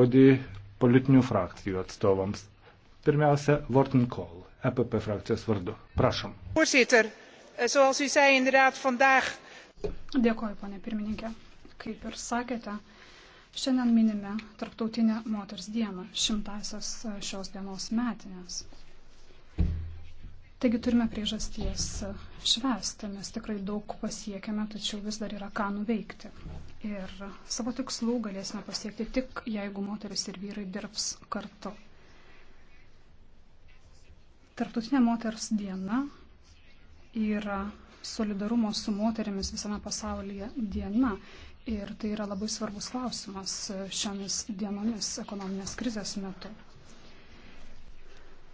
žodį politinių frakcijų atstovams. Pirmiausia, Vorten Kohl, EPP frakcijos vardu. Prašom. Voorzitter, zoals u zei, inderdaad vandaag. Dėkoju, ponė pirmininkė. Kaip ir sakėte, šiandien minime Tarptautinę moters dieną, šimtasios e, šios dienos metinės. Taigi turime priežasties švęsti, mes tikrai daug pasiekėme, tačiau vis dar yra ką nuveikti. Ir savo tikslų galėsime pasiekti tik, jeigu moteris ir vyrai dirbs kartu. Tarptautinė moters diena yra solidarumo su moterimis visame pasaulyje diena. Ir tai yra labai svarbus klausimas šiomis dienomis ekonominės krizės metu.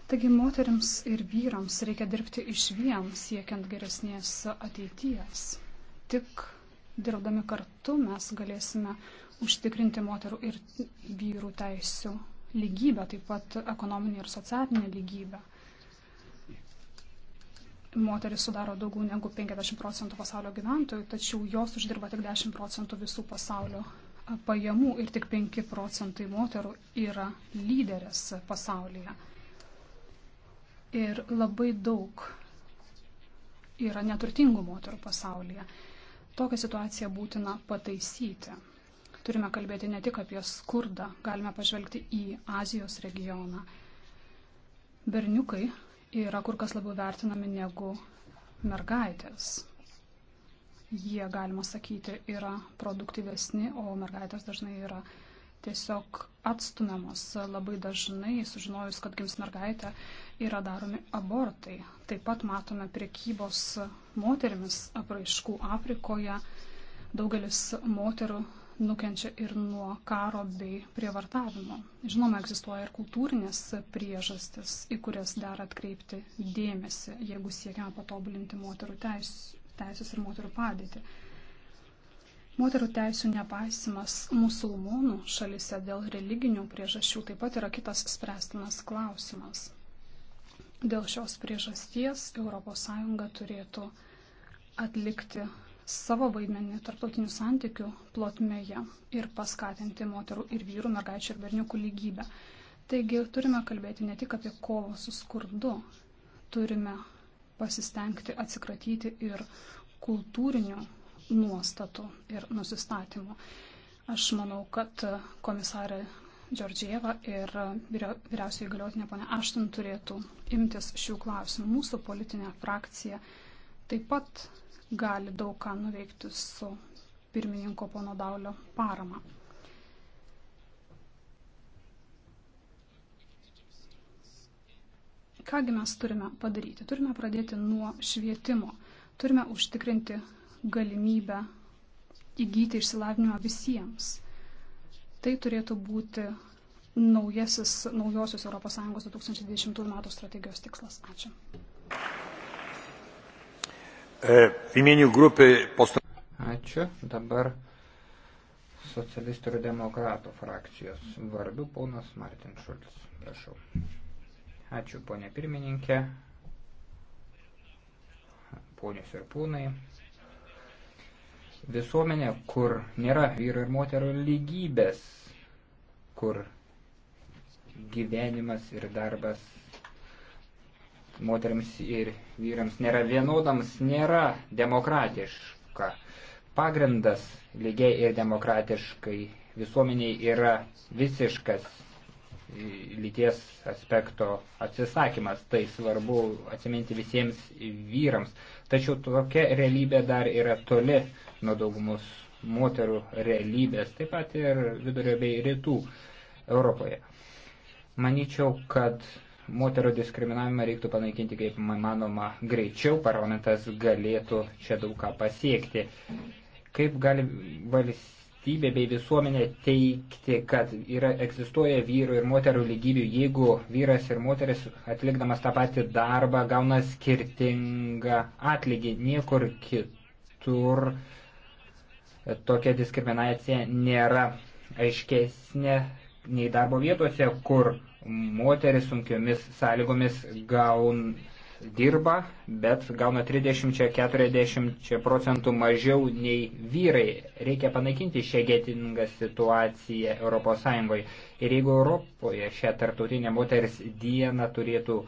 Taigi moteriams ir vyrams reikia dirbti iš vien siekiant geresnės ateities. Tik dirbdami kartu mes galėsime užtikrinti moterų ir vyrų teisų lygybę, taip pat ekonominę ir socialinę lygybę. Moteris sudaro daugiau negu 50 procentų pasaulio gyventojų, tačiau jos uždirba tik 10 procentų visų pasaulio pajamų ir tik 5 procentai moterų yra lyderės pasaulyje. Ir labai daug yra neturtingų moterų pasaulyje. Tokią situaciją būtina pataisyti. Turime kalbėti ne tik apie skurdą, galime pažvelgti į Azijos regioną. Berniukai yra kur kas labiau vertinami negu mergaitės. Jie, galima sakyti, yra produktyvesni, o mergaitės dažnai yra uh, tiesiog atstumiamos labai dažnai, sužinojus, kad gims mergaitė, yra daromi abortai. Taip pat matome priekybos moterimis apraiškų Afrikoje. Daugelis moterų nukenčia ir nuo karo bei prievartavimo. Žinoma, egzistuoja ir kultūrinės priežastis, į kurias dar atkreipti dėmesį, jeigu siekiama patobulinti moterų teis, teisės ir moterų padėtį. Moterų teisų nepaisimas musulmonų šalise dėl religinių priežasčių taip pat yra kitas spręstinas klausimas. Dėl šios priežasties ES turėtų atlikti savo vaidmenį tarptautinių santykių plotmėje ir paskatinti moterų ir vyrų, mergaičių ir berniukų lygybę. Taigi turime kalbėti ne tik apie kovą su skurdu, turime pasistengti atsikratyti ir kultūrinių nuostatų ir nusistatymų. Aš manau, kad komisarė Džordžieva ir vyriausiai įgaliotinė ponė Ašton turėtų imtis šių klausimų. Mūsų politinė frakcija taip pat gali daug ką nuveikti su pirmininko pono Daulio parama. Kągi mes turime padaryti? Turime pradėti nuo švietimo. Turime užtikrinti galimybę įgyti išsilavinimą visiems. Tai turėtų būti naujasis, naujosios ES 2020 m. strategijos tikslas. Ačiū. E, Ačiū. Dabar socialistų ir demokratų frakcijos vardu ponas Martin Šulis. Prašau. Ačiū, ponė pirmininkė, ponios ir pūnai visuomenė, kur nėra vyru ir moterų lygybės, kur gyvenimas ir darbas moteriams ir vyrams nėra vienodams, nėra demokratiška. Pagrindas lygiai ir demokratiškai visuomeniai yra visiškas lyties aspekto atsisakymas. Tai svarbu atsiminti visiems vyrams. Tačiau tokia realybė dar yra toli nuo daugumos moterų realybės, taip pat ir vidurio bei rytų Europoje. Maničiau, kad moterų diskriminavimą reiktų panaikinti kaip manoma greičiau, parlamentas galėtų čia daug ką pasiekti. Kaip gali valstybė valstybė bei visuomenė teikti, kad yra, egzistuoja vyrų ir moterų lygybių, jeigu vyras ir moteris atlikdamas tą patį darbą gauna skirtingą atlygį. Niekur kitur tokia diskriminacija nėra aiškesnė nei darbo vietose, kur moteris sunkiomis sąlygomis gauna dirba, bet gauna 30-40 procentų mažiau nei vyrai. Reikia panaikinti šią gėtingą situaciją ES. Ir jeigu Europoje šią tarptautinę moters dieną turėtų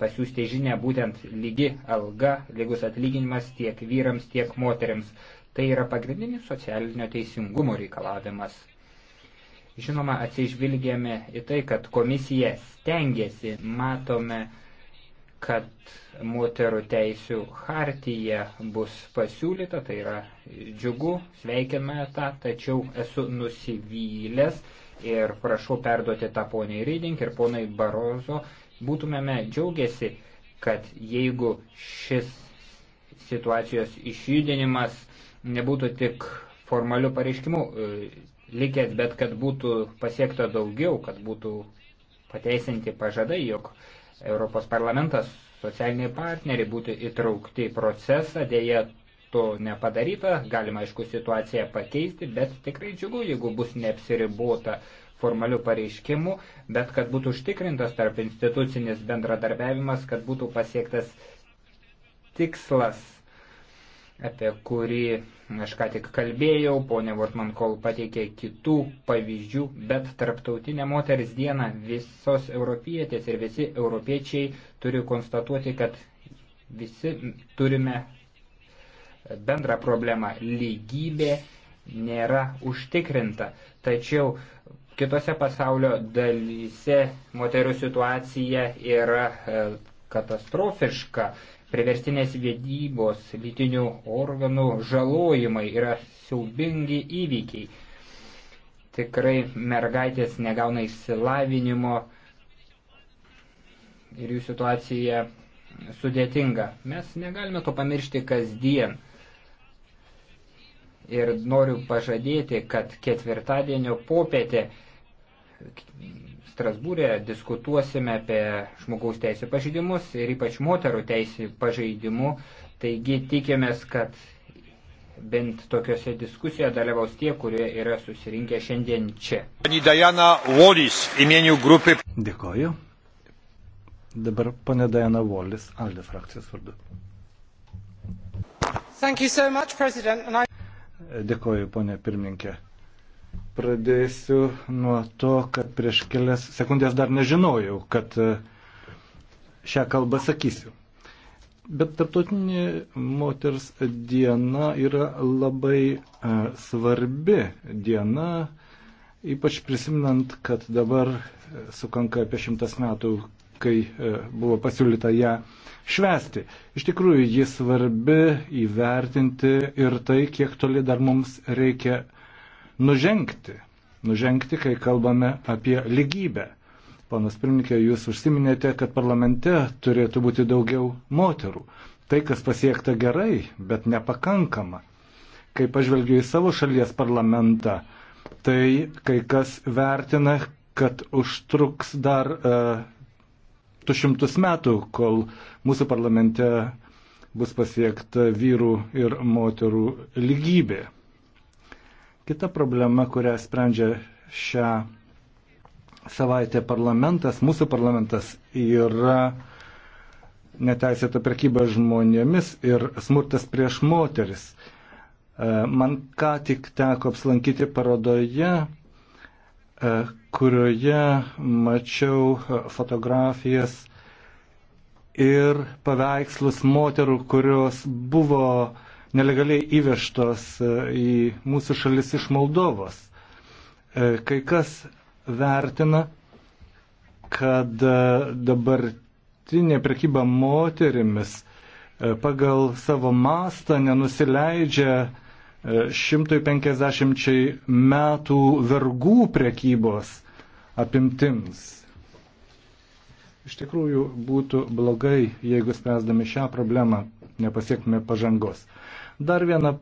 pasiūsti žinę būtent lygi alga, lygus atlyginimas tiek vyrams, tiek moteriams. Tai yra pagrindinis socialinio teisingumo reikalavimas. Žinoma, atsižvilgėme į tai, kad komisija stengiasi, matome, kad moterų teisių hartyje bus pasiūlyta, tai yra džiugu, sveikiname tą, tačiau esu nusivylęs ir prašau perduoti tą poniai Rydink ir ponai Barozo, būtumėme džiaugiasi, kad jeigu šis situacijos išjudinimas nebūtų tik formalių pareiškimų e, likęs, bet kad būtų pasiekta daugiau, kad būtų pateisinti pažadai, jog Europos parlamentas, socialiniai partneriai būtų įtraukti į procesą, dėja to nepadaryta, galima aišku situaciją pakeisti, bet tikrai džiugu, jeigu bus neapsiribota formalių pareiškimų, bet kad būtų užtikrintas tarp institucinis bendradarbiavimas, kad būtų pasiektas tikslas apie kurį aš ką tik kalbėjau, ponė Vortman kol pateikė kitų pavyzdžių, bet tarptautinė moters diena visos europietės ir visi europiečiai turi konstatuoti, kad visi turime bendrą problemą - lygybė nėra užtikrinta. Tačiau kitose pasaulio dalyse moterų situacija yra e, katastrofiška priverstinės vėdybos, lytinių organų žalojimai yra siaubingi įvykiai. Tikrai mergaitės negauna išsilavinimo ir jų situacija sudėtinga. Mes negalime to pamiršti kasdien. Ir noriu pažadėti, kad ketvirtadienio popietė Strasbūrė diskutuosime apie žmogaus teisų pažeidimus ir ypač moterų teisų pažeidimų. Taigi tikimės, kad bent tokiuose diskusijoje dalyvaus tie, kurie yra susirinkę šiandien čia. Dėkoju. Dabar pane Diana Wallis, Alde frakcijos vardu. So much, I... Dėkoju, ponė pirmininkė. Pradėsiu nuo to, kad prieš kelias sekundės dar nežinojau, kad e, šią kalbą sakysiu. Bet tarptautinė moters diena yra labai e, svarbi diena, ypač prisiminant, kad dabar e, sukanka apie šimtas metų, kai buvo pasiūlyta ją švesti. Iš tikrųjų, ji svarbi įvertinti ir tai, kiek toli dar mums reikia nužengti, nužengti, kai kalbame apie lygybę. Ponas Pirmininkė, jūs užsiminėte, kad parlamente turėtų būti daugiau moterų. Tai, kas pasiekta gerai, bet nepakankama. Kai pažvelgiu į savo šalies parlamentą, tai kai kas vertina, kad užtruks dar uh, du šimtus metų, kol mūsų parlamente bus pasiekta vyrų ir moterų lygybė. Kita problema, kurią sprendžia šią savaitę parlamentas, mūsų parlamentas yra neteisėta prekyba žmonėmis ir smurtas prieš moteris. E, man ką tik teko apsilankyti parodoje, e, kurioje mačiau e, fotografijas ir paveikslus moterų, kurios buvo uh, nelegaliai įvežtos e, į mūsų šalis iš Moldovos. E, kai kas vertina, kad e, dabartinė prekyba moterimis pagal savo mastą nenusileidžia 150 metų vergų prekybos apimtims. Iš tikrųjų būtų blogai, jeigu spręsdami šią problemą nepasiektume pažangos. Dar viena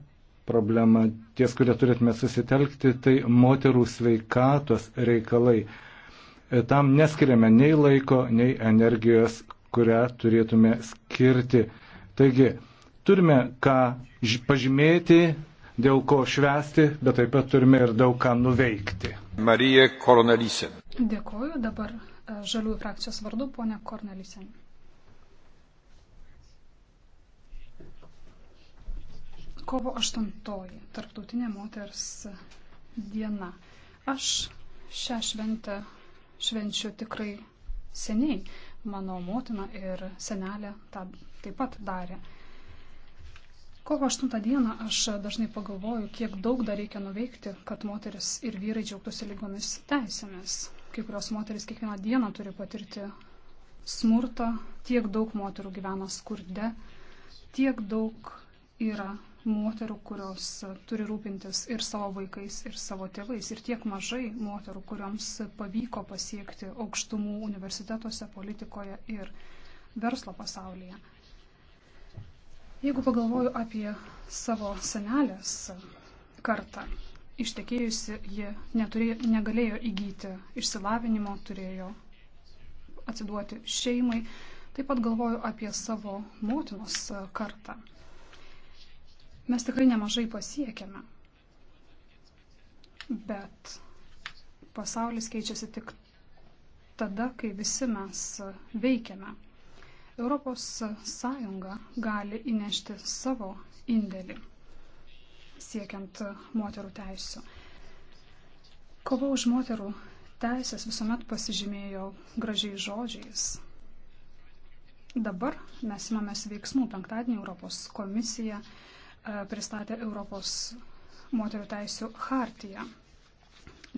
problema, ties kurie turėtume susitelkti, tai moterų sveikatos reikalai. E, tam neskiriame nei laiko, nei energijos, kurią turėtume skirti. Taigi, turime ką pažymėti, dėl ko švesti, bet taip pat turime ir daug ką nuveikti. Marija Koronalysė. Dėkuoju dabar e, žaliųjų frakcijos vardu, ponia Kornalysė. Kovo 8-oji tarptautinė moters diena. Aš šią šventę švenčiu tikrai seniai. Mano motina ir senelė tą taip pat darė. Kovo 8 dieną aš dažnai pagalvoju, kiek daug dar reikia nuveikti, kad moteris ir vyrai džiaugtųsi lygomis teisėmis. Kai kurios moteris kiekvieną dieną turi patirti smurtą, tiek daug moterų gyvena skurde, tiek daug yra moterų, kurios turi rūpintis ir savo vaikais, ir savo tėvais, ir tiek mažai moterų, kuriams pavyko pasiekti aukštumų universitetuose, politikoje ir verslo pasaulyje. Jeigu pagalvoju apie savo senelės kartą, ištekėjusi ji neturėjo, negalėjo įgyti išsilavinimo, turėjo atsiduoti šeimai, taip pat galvoju apie savo motinos kartą mes tikrai nemažai pasiekėme. Bet pasaulis keičiasi tik tada, kai visi mes veikiame. Europos Sąjunga gali įnešti savo indėlį siekiant moterų teisų. Kova už moterų teisės visuomet pasižymėjo gražiai žodžiais. Dabar mes imamės veiksmų. Penktadienį Europos komisija uh, E, pristatė Europos moterų teisų hartiją.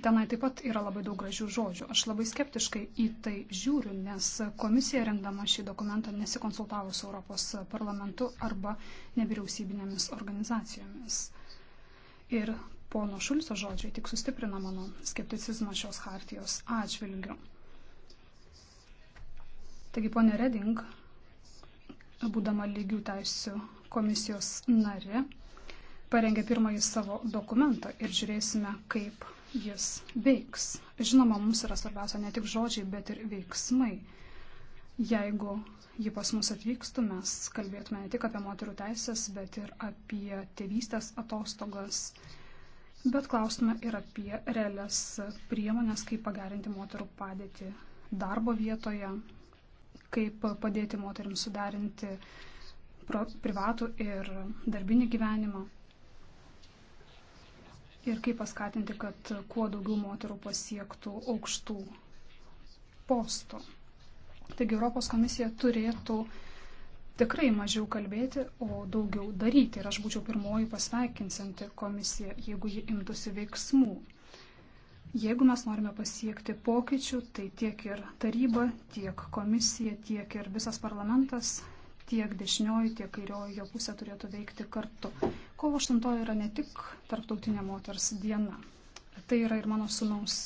Tenai taip pat yra labai daug gražių žodžių. Aš labai skeptiškai į tai žiūriu, nes komisija rendama šį dokumentą nesikonsultavo su Europos parlamentu arba nevyriausybinėmis organizacijomis. Ir pono Šulco žodžiai tik sustiprina mano skepticizmą šios hartijos atžvilgiu. Taigi, ponė Reding, būdama lygių teisų komisijos nari parengė pirmąjį savo dokumentą ir žiūrėsime, kaip jis veiks. Žinoma, mums yra svarbiausia ne tik žodžiai, bet ir veiksmai. Jeigu ji pas mus atvykstų, mes kalbėtume ne tik apie moterų teisės, bet ir apie tėvystės atostogas, bet klaustume ir apie realias priemonės, kaip pagerinti moterų padėtį darbo vietoje, kaip padėti moteriams suderinti privatų ir darbinį gyvenimą. Ir kaip paskatinti, kad kuo daugiau moterų pasiektų aukštų postų. Taigi Europos komisija turėtų tikrai mažiau kalbėti, o daugiau daryti. Ir aš būčiau pirmoji pasveikinsianti komisiją, jeigu ji imtųsi veiksmų. Jeigu mes norime pasiekti pokyčių, tai tiek ir taryba, tiek komisija, tiek ir visas parlamentas tiek dešinioji, tiek kairioji jo pusė turėtų veikti kartu. Kovo 8 yra ne tik tarptautinė moters diena, tai yra ir mano sunaus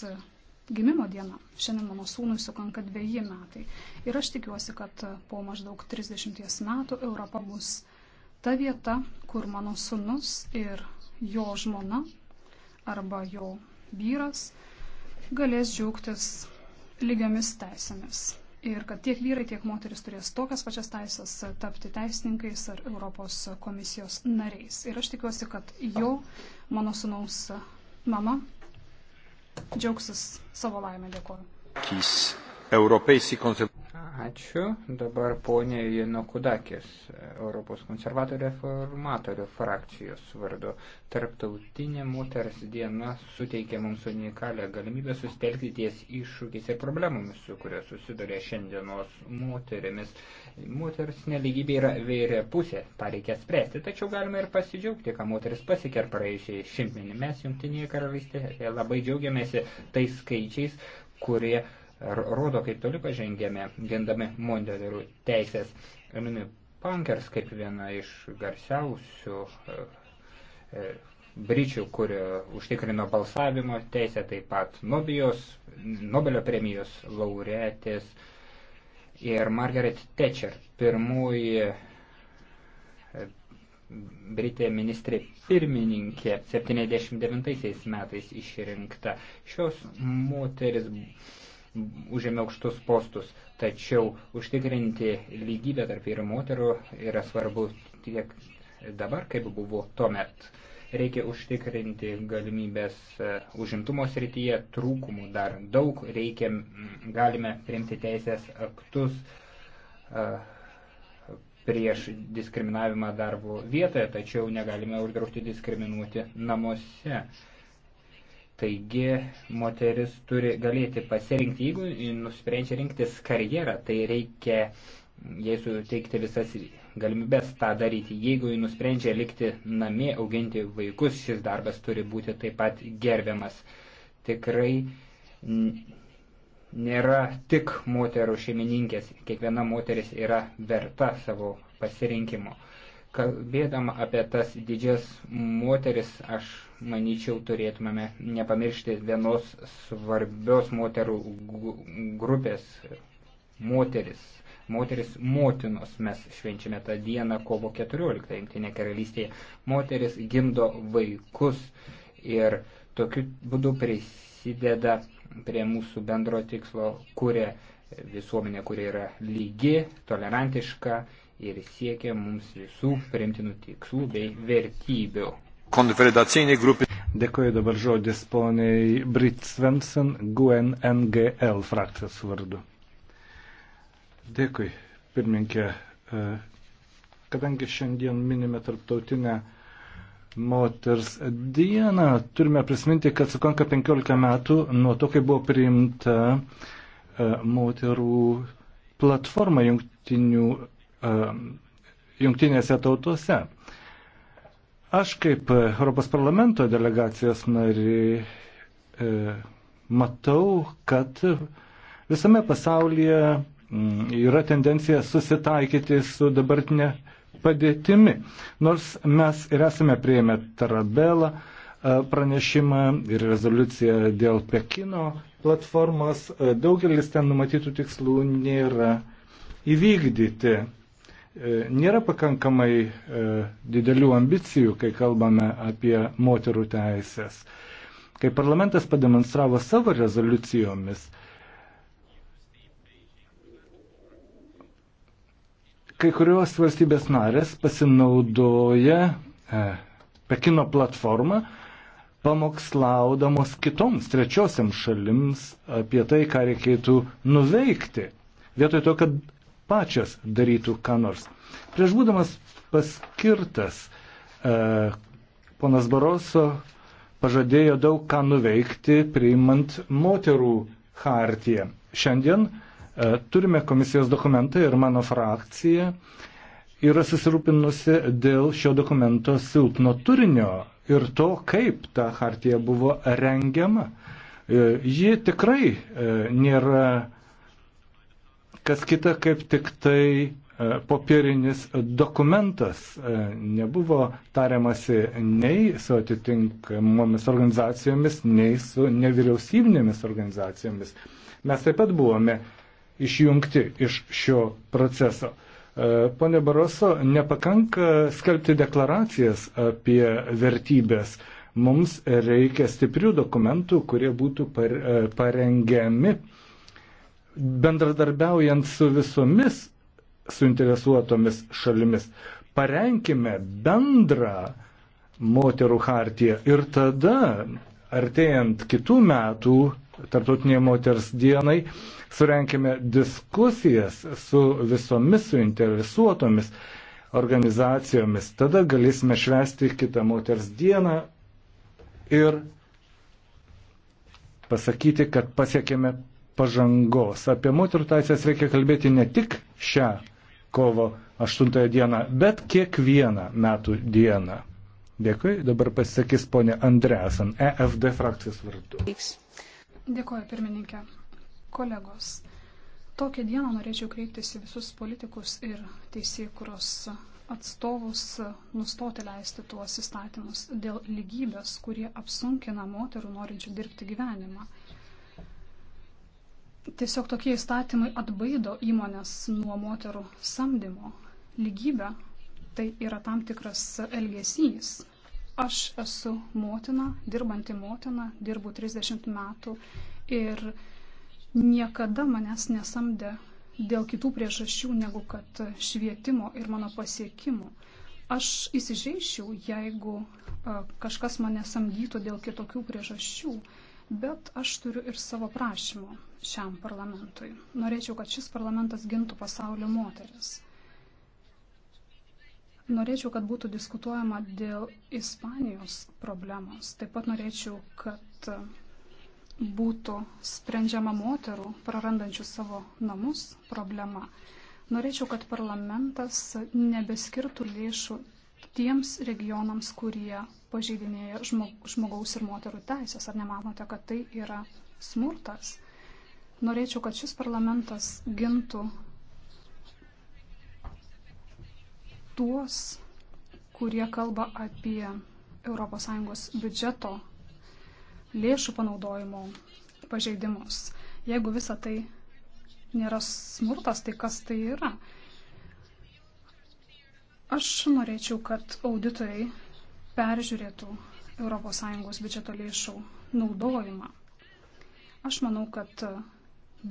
gimimo diena. Šiandien mano sūnui sukanka dviejį metai. Ir aš tikiuosi, kad po maždaug 30 metų Europa bus ta vieta, kur mano sūnus ir jo žmona arba jo vyras galės džiaugtis lygiamis teisėmis ir kad tiek vyrai, tiek moteris turės tokias pačias teisės tapti teisininkais ar Europos komisijos nariais. Ir aš tikiuosi, kad jo, mano sunaus mama, džiaugsis savo laimę. Dėkuoju. Ačiū. Dabar ponė Janokudakis, Europos konservatorių reformatorių frakcijos vardu. Tarptautinė moters diena suteikia mums unikalią galimybę sustelkti ties iššūkiais ir problemomis, su kuria susiduria šiandienos moterimis. Moters neligybė yra vėrė pusė, tą reikia spręsti, tačiau galime ir pasidžiaugti, ką moteris pasiekė praėjusiai šimtmenį. Mes Junktinėje karalystėje labai džiaugiamėsi tais skaičiais, kurie uh, rodo, kaip toli pažengėme, gindami moterų teisės. Emily Pankers, kaip viena iš garsiausių e, e, Bričių, kuri užtikrino balsavimo teisę, taip pat Nobijos, Nobelio premijos laureatės ir Margaret Thatcher, pirmoji e, Britė ministrė pirmininkė 79 metais išrinkta. Šios moteris užėmė aukštus postus, tačiau užtikrinti lygybę tarp vyrų moterų yra svarbu tiek dabar, kaip buvo tuomet. Reikia užtikrinti galimybės e, užimtumo srityje, trūkumų dar daug, reikia, galime priimti teisės aktus e, prieš diskriminavimą darbo vietoje, tačiau negalime uždrausti diskriminuoti namuose. Taigi moteris turi galėti pasirinkti, jeigu nusprendžia rinktis karjerą, tai reikia jai suteikti visas galimybės tą daryti. Jeigu jį nusprendžia likti namie, auginti vaikus, šis darbas turi būti taip pat gerbiamas. Tikrai nėra tik moterų šeimininkės, kiekviena moteris yra verta savo pasirinkimo. Kalbėdama apie tas didžias moteris, aš manyčiau, turėtumėme nepamiršti vienos svarbios moterų grupės - moteris. Moteris motinos mes švenčiame tą dieną kovo 14 Junktinė karalystėje. Moteris gimdo vaikus ir tokiu būdu prisideda prie mūsų bendro tikslo, kuria visuomenė, kuri yra lygi, tolerantiška ir siekia mums visų priimtinų tikslų bei vertybių konfederacinė grupė. Dėkuoju dabar žodis poniai Brit Svensson, GUN NGL frakcijos vardu. Dėkui, pirmininkė. E, kadangi šiandien minime tarptautinę moters dieną, turime prisiminti, kad sukanka 15 metų nuo to, kai buvo priimta e, moterų platforma jungtinių, e, jungtinėse tautose. Aš kaip e, Europos parlamento delegacijos nari e, matau, kad visame pasaulyje mm, yra tendencija susitaikyti su dabartinė padėtimi. Nors mes ir esame prieėmę Tarabelą e, pranešimą ir rezoliuciją dėl Pekino platformos, e, daugelis ten numatytų tikslų nėra įvykdyti. E, nėra pakankamai e, didelių ambicijų, kai kalbame apie moterų teisės. Kai parlamentas pademonstravo savo rezoliucijomis, kai kurios valstybės narės pasinaudoja e, Pekino platformą, pamokslaudamos kitoms trečiosiams šalims apie tai, ką reikėtų nuveikti. Vietoj to, kad pačios darytų ką nors. Prieš būdamas paskirtas, e, ponas Baroso pažadėjo daug ką nuveikti, priimant moterų hartiją. Šiandien e, turime komisijos dokumentą ir mano frakcija yra susirūpinusi dėl šio dokumento silpno turinio ir to, kaip ta hartija buvo rengiama. E, ji tikrai e, nėra kas kita kaip tik tai e, popierinis dokumentas. E, nebuvo tariamasi nei su atitinkamomis organizacijomis, nei su nevyriausybinėmis organizacijomis. Mes taip pat buvome išjungti iš šio proceso. E, pone Baroso, nepakanka skelbti deklaracijas apie vertybės. Mums reikia stiprių dokumentų, kurie būtų parengiami bendradarbiaujant su visomis suinteresuotomis šalimis. Parenkime bendrą moterų hartiją ir tada, artėjant kitų metų Tartutinėje moters dienai, surenkime diskusijas su visomis suinteresuotomis organizacijomis. Tada galėsime švesti kitą moters dieną ir pasakyti, kad pasiekėme pažangos. Apie moterų teisės reikia kalbėti ne tik šią kovo 8 dieną, bet kiekvieną metų dieną. Dėkui, dabar pasisakys ponė Andresan, EFD frakcijos vardu. Dėkuoju, pirmininkė. Kolegos, tokią dieną norėčiau kreiptis į visus politikus ir teisėkuros atstovus nustoti leisti tuos įstatymus dėl lygybės, kurie apsunkina moterų norinčių dirbti gyvenimą. Tiesiog tokie įstatymai atbaido įmonės nuo moterų samdymo. Lygybė tai yra tam tikras elgesys. Aš esu motina, dirbanti motina, dirbu 30 metų ir niekada manęs nesamdė dėl kitų priežasčių negu kad švietimo ir mano pasiekimų. Aš įsižeiščiau, jeigu kažkas mane samdytų dėl kitokių priežasčių. Uh, Bet aš turiu ir savo prašymą šiam parlamentui. Norėčiau, kad šis parlamentas gintų pasaulio moteris. Norėčiau, kad būtų diskutuojama dėl Ispanijos problemos. Taip pat norėčiau, kad būtų sprendžiama moterų prarandančių savo namus problema. Norėčiau, kad parlamentas nebeskirtų lėšų tiems regionams, kurie pažeidinėja žmogaus ir moterų teisės. Ar nemanote, kad tai yra smurtas? Norėčiau, kad šis parlamentas gintų tuos, kurie kalba apie ES biudžeto lėšų panaudojimo pažeidimus. Jeigu visa tai nėra smurtas, tai kas tai yra? Aš norėčiau, kad auditoriai peržiūrėtų ES biudžeto lėšų naudojimą. Aš manau, kad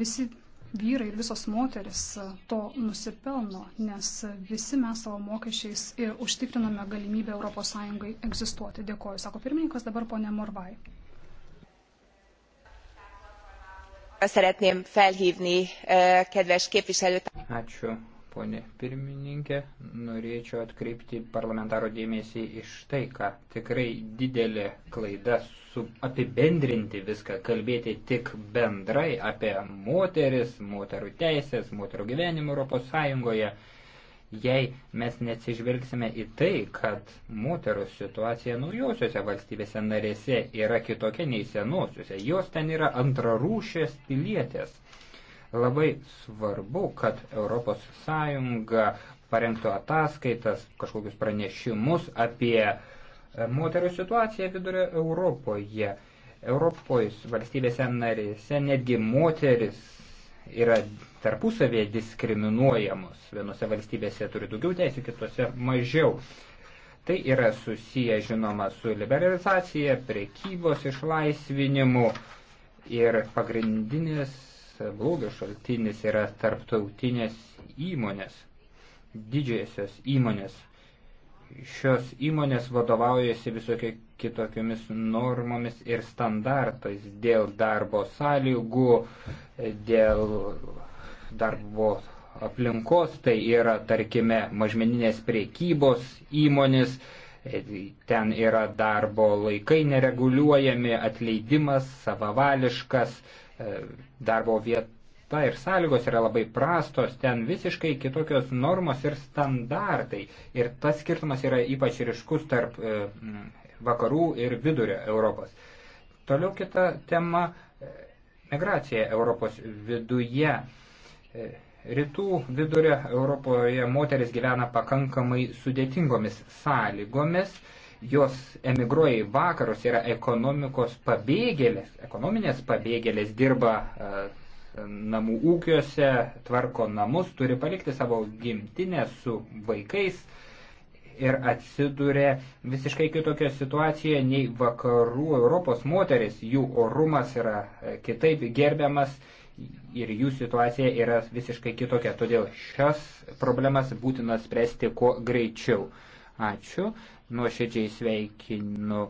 visi vyrai ir visos moteris to nusipelno, nes visi mes savo mokesčiais ir užtikriname galimybę ES egzistuoti. Dėkoju, sako pirmininkas, dabar ponė Morvai. Szeretném felhívni eh, kedves képviselőt. Ačiū Pone pirmininkė, norėčiau atkreipti parlamentaro dėmesį iš tai, ką tikrai didelė klaida su apibendrinti viską, kalbėti tik bendrai apie moteris, moterų teisės, moterų gyvenimą Europos Sąjungoje. Jei mes neatsižvelgsime į tai, kad moterų situacija naujosiuose valstybėse narėse yra kitokia nei senosiuose, jos ten yra antrarūšės pilietės Labai svarbu, kad ES parengtų ataskaitas, kažkokius pranešimus apie e, moterų situaciją vidurio Europoje. Europos valstybėse narėse netgi moteris yra tarpusavėje diskriminuojamos. Vienose valstybėse turi daugiau teisų, kitose mažiau. Tai yra susiję, žinoma, su liberalizacija, prekybos išlaisvinimu ir pagrindinės blogio šaltinis yra tarptautinės įmonės, didžiosios įmonės. Šios įmonės vadovaujasi visokie kitokiomis normomis ir standartais dėl darbo sąlygų, dėl darbo aplinkos, tai yra, tarkime, mažmeninės priekybos įmonės, ten yra darbo laikai nereguliuojami, atleidimas, savavališkas, E, darbo vieta ir sąlygos yra labai prastos, ten visiškai kitokios normos ir standartai. Ir tas skirtumas yra ypač ryškus tarp e, vakarų ir vidurio Europos. Toliau kita tema e, - migracija Europos viduje. Rytų vidurio Europoje moteris gyvena pakankamai sudėtingomis sąlygomis jos emigruoja į vakarus, yra ekonomikos pabėgėlės, ekonominės pabėgėlės, dirba e, namų ūkiuose, tvarko namus, turi palikti savo gimtinę su vaikais ir atsiduria visiškai kitokioje situacijoje nei vakarų Europos moteris. Jų orumas yra e, kitaip gerbiamas ir jų situacija yra visiškai kitokia. Todėl šias problemas būtina spręsti kuo greičiau. Ačiū. Nuoširdžiai sveikinu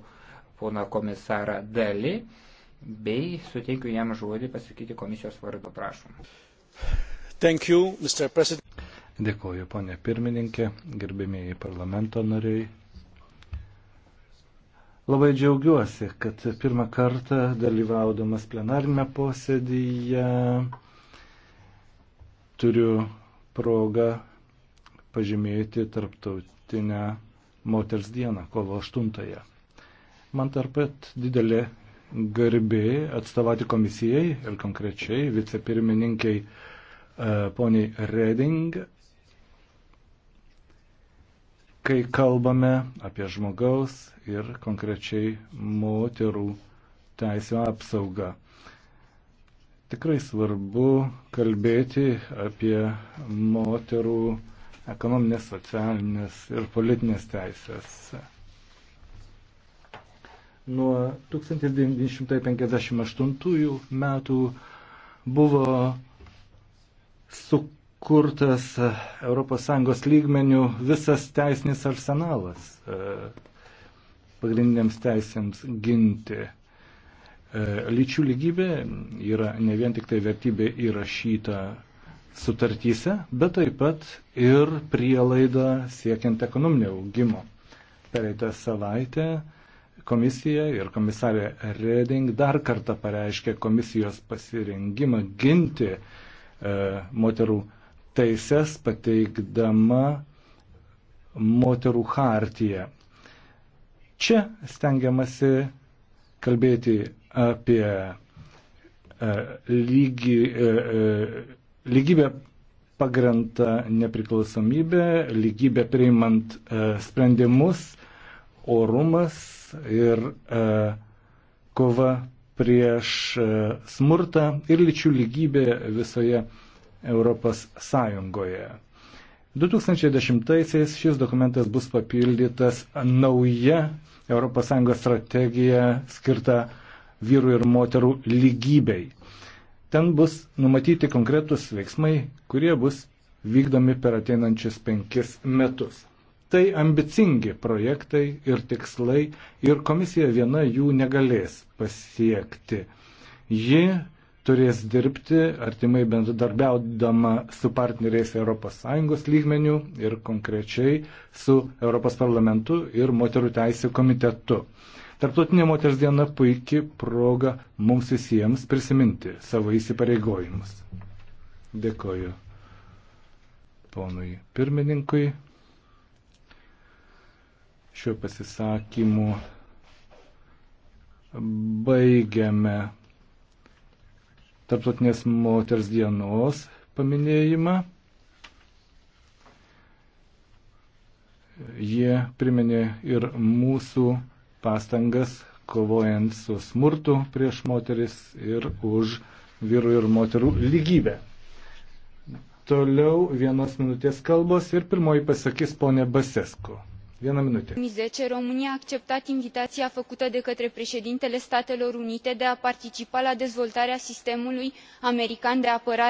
poną komisarą Dali bei suteikiu jam žodį pasakyti komisijos vardu, prašom. Thank you, Mr. President. Dėkuoju, ponė pirmininkė, gerbėmėjai parlamento nariai. Labai džiaugiuosi, kad pirmą kartą dalyvaudamas plenarinėme posėdyje turiu progą pažymėti tarptautinę moters dieną, kovo 8-ąją. Man tarp pat didelė garbė atstovauti komisijai ir konkrečiai vicepirmininkiai e, poniai Reding, kai kalbame apie žmogaus ir konkrečiai moterų teisų apsaugą. Tikrai svarbu kalbėti apie moterų ekonominės, socialinės ir politinės teisės. Nuo 1958 metų buvo sukurtas ES lygmenių visas teisinis arsenalas e, pagrindiniams teisėms ginti. E, lyčių lygybė yra ne vien tik tai vertybė įrašyta sutartyse, bet taip pat ir prielaida siekiant ekonominio augimo. Pereitą savaitę komisija ir komisarė Reding dar kartą pareiškė komisijos pasirengimą ginti e, moterų teises, pateikdama moterų hartiją. Čia stengiamasi kalbėti apie e, lygį. E, e, Lygybė pagranta nepriklausomybė, lygybė priimant e, sprendimus, orumas ir e, kova prieš e, smurtą ir lyčių lygybė visoje Europos Sąjungoje. 2010-aisiais šis dokumentas bus papildytas nauja ES strategija skirta vyrų ir moterų lygybei. Ten bus numatyti konkretus veiksmai, kurie bus vykdomi per ateinančius penkis metus. Tai ambicingi projektai ir tikslai ir komisija viena jų negalės pasiekti. Ji turės dirbti artimai bendradarbiaudama su partneriais ES lygmenių ir konkrečiai su ES ir moterų teisų komitetu. Tarptautinė moters diena puikia proga mums visiems prisiminti savo įsipareigojimus. Dėkoju ponui pirmininkui. Šiuo pasisakymu baigiame Tarptautinės moters dienos paminėjimą. Jie priminė ir mūsų pastangas kovojant su smurtu prieš moteris ir už vyrų ir moterų lygybę. Toliau vienos minutės kalbos ir pirmoji pasakys ponė Basesko. Vieną minutę. 2010 România a acceptat invitația făcută de către președintele Statelor Unite de a participa la dezvoltarea sistemului american de apărare.